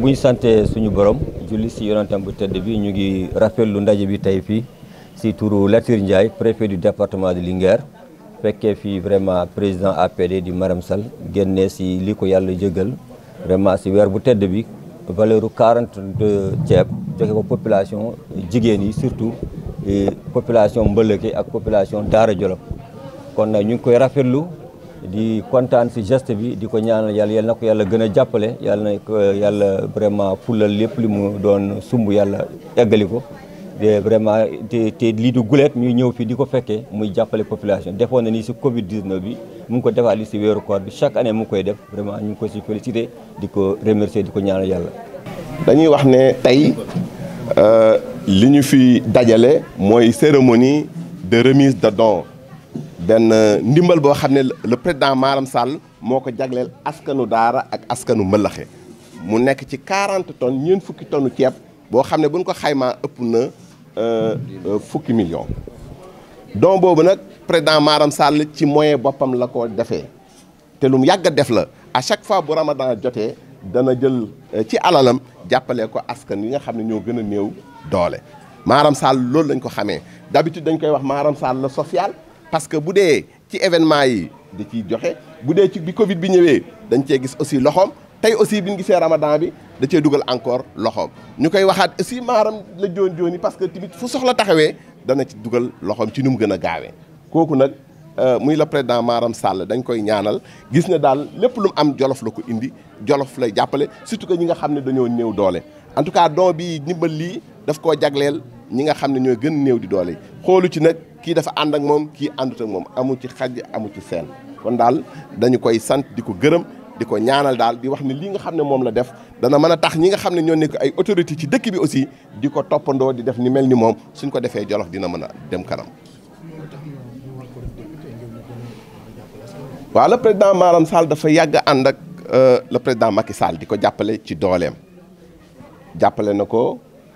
bu ñu sante suñu borom julli si yonantam bu tedd bi ñu ngi rappel lu ndaje bi tey fii si turu Latir Ndiaye préfet du département de Linguère fekkee fii vraiment président APD di Maram Sall génnee si li ko yàlla jëgal vraiment si weer bu tedd bi valeur u 42 ceeb joxe ko population jigéen yi surtout population Mbëlëke ak population Daara Jolof kon nag ñu koy rafetlu di kontaan si geste bi di ko ñaanal yàlla yal na ko yàlla gën a jàppale yàlla na ko yàlla vraiment fulal lépp li mu doon sumb yàlla eggali ko te vraiment te te lii du guleet ñuy ñëw fi di ko fekkee muy jàppale population defoon na ni si Covid 19 bi mu ngi ko defaat li si weeru koor bi chaque année mu ngi koy def vraiment ñu ngi ko si félicité di ko remercier di ko ñaanal yàlla. dañuy wax ne tey euh, li ñu fi dajale mooy cérémonie de remise de dons. ben ndimbal boo xam le président Maram Sall moko jaglel askanu daara ak askanu mbëllaxe mu nek ci 40 tonnes ñeen fukki tonnes ciép bo xamne buñ ko xayma ëpp na euh fukki million don bobu nak président Maram Sall ci moyen bopam la ko défé te lu mu yàgg def la à chaque fois bu Ramadan jotee dana jël ci alalam jàppale ko askan yi nga xamne ne ñoo gën a doole Maram Sall loolu lañ ko xamé d'habitude dañ koy wax Maram Sall la social parce que bu dee ci événement yi da ciy joxe bu ci bi Covid bi ñëwee dañ cee gis aussi loxoom tay aussi biñu gisé Ramadan bi da cey duggal encore loxom ñukay waxat aussi maram la joon jooni parce que timit fu soxla taxawé da na ci duggal loxom ci nu gëna gaawé koku nak euh muy le président Maram Sall dañ koy ñaanal gis na dal lepp lu am jollof la ko indi jollof lay jappalé surtout que ñi nga xamné ne dañoo néew doole en tout cas don bi nimbal li daf ko jagleel ñi nga xamné ñoy gën néew di doolé xoolu ci nak kii dafa ànd ak moom kii àndut moom amu ci xaj amu ci seen kon daal dañu koy sant di ko gërëm di ko ñaanal daal di wax ne lii nga xam ne moom la def dana mën a tax ñi nga xam ne ñoo nekk ay autorité ci dëkk bi aussi di ko toppandoo di def ni mel ni moom suñ ko defee Jolof dina mën a dem kanam waaw la président Maram Sall dafa yàgg ànd ak euh, le président Macky Sall di ko jàppale ci dooleem jàppale na ko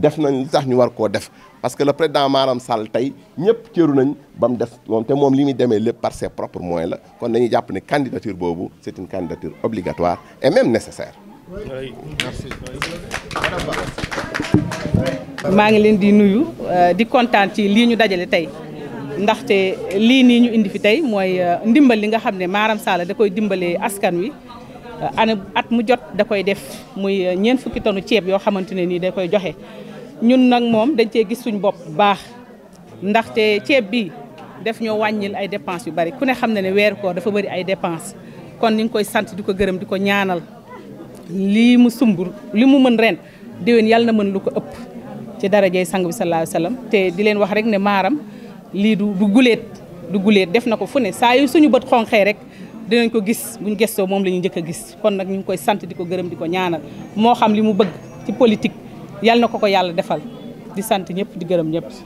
def nañ li tax ñu war koo def parce que le président Maram Sall tey ñëpp cëru nañ ba mu def moom te moom li muy demee lépp par ses propres moyens la kon dañuy jàpp ne candidature boobu c'est une candidature obligatoire et même nécessaire. maa ngi leen di nuyu euh, di kontaan ci lii ñu dajale tey ndaxte lii nii ñu indi fi tey mooy euh, ndimbal li nga xam ne Maram Sall da koy dimbalee askan wi. Euh, année at mu jot da koy def muy euh, ñeent fukki tonu ceeb yoo xamante ne nii da koy joxe ñun nag moom dañ cee gis suñ bopp bu baax ndaxte ceeb bi def ñoo wàññil ay dépenses yu bari ku ne xam ne ne weeru koor dafa bëri ay dépenses kon ni nga koy sant di ko gërëm di ko ñaanal lii mu sumbur li mu mën ren déwén yàlla na mën lu ko ëpp ci darajey sang bi sallallahu alayhi te di leen wax rek ne maaram lii du du guleet du guleet def na ko fu ne saa yu suñu bët xonqee rek dinañ ko gis buñ gestoo moom la ñuy njëkk a gis kon nag ñu koy sant di ko gërëm di ko ñaanal moo xam li mu bëgg ci politique yàlla na ko ko yàlla defal di sant ñëpp di gërëm ñëpp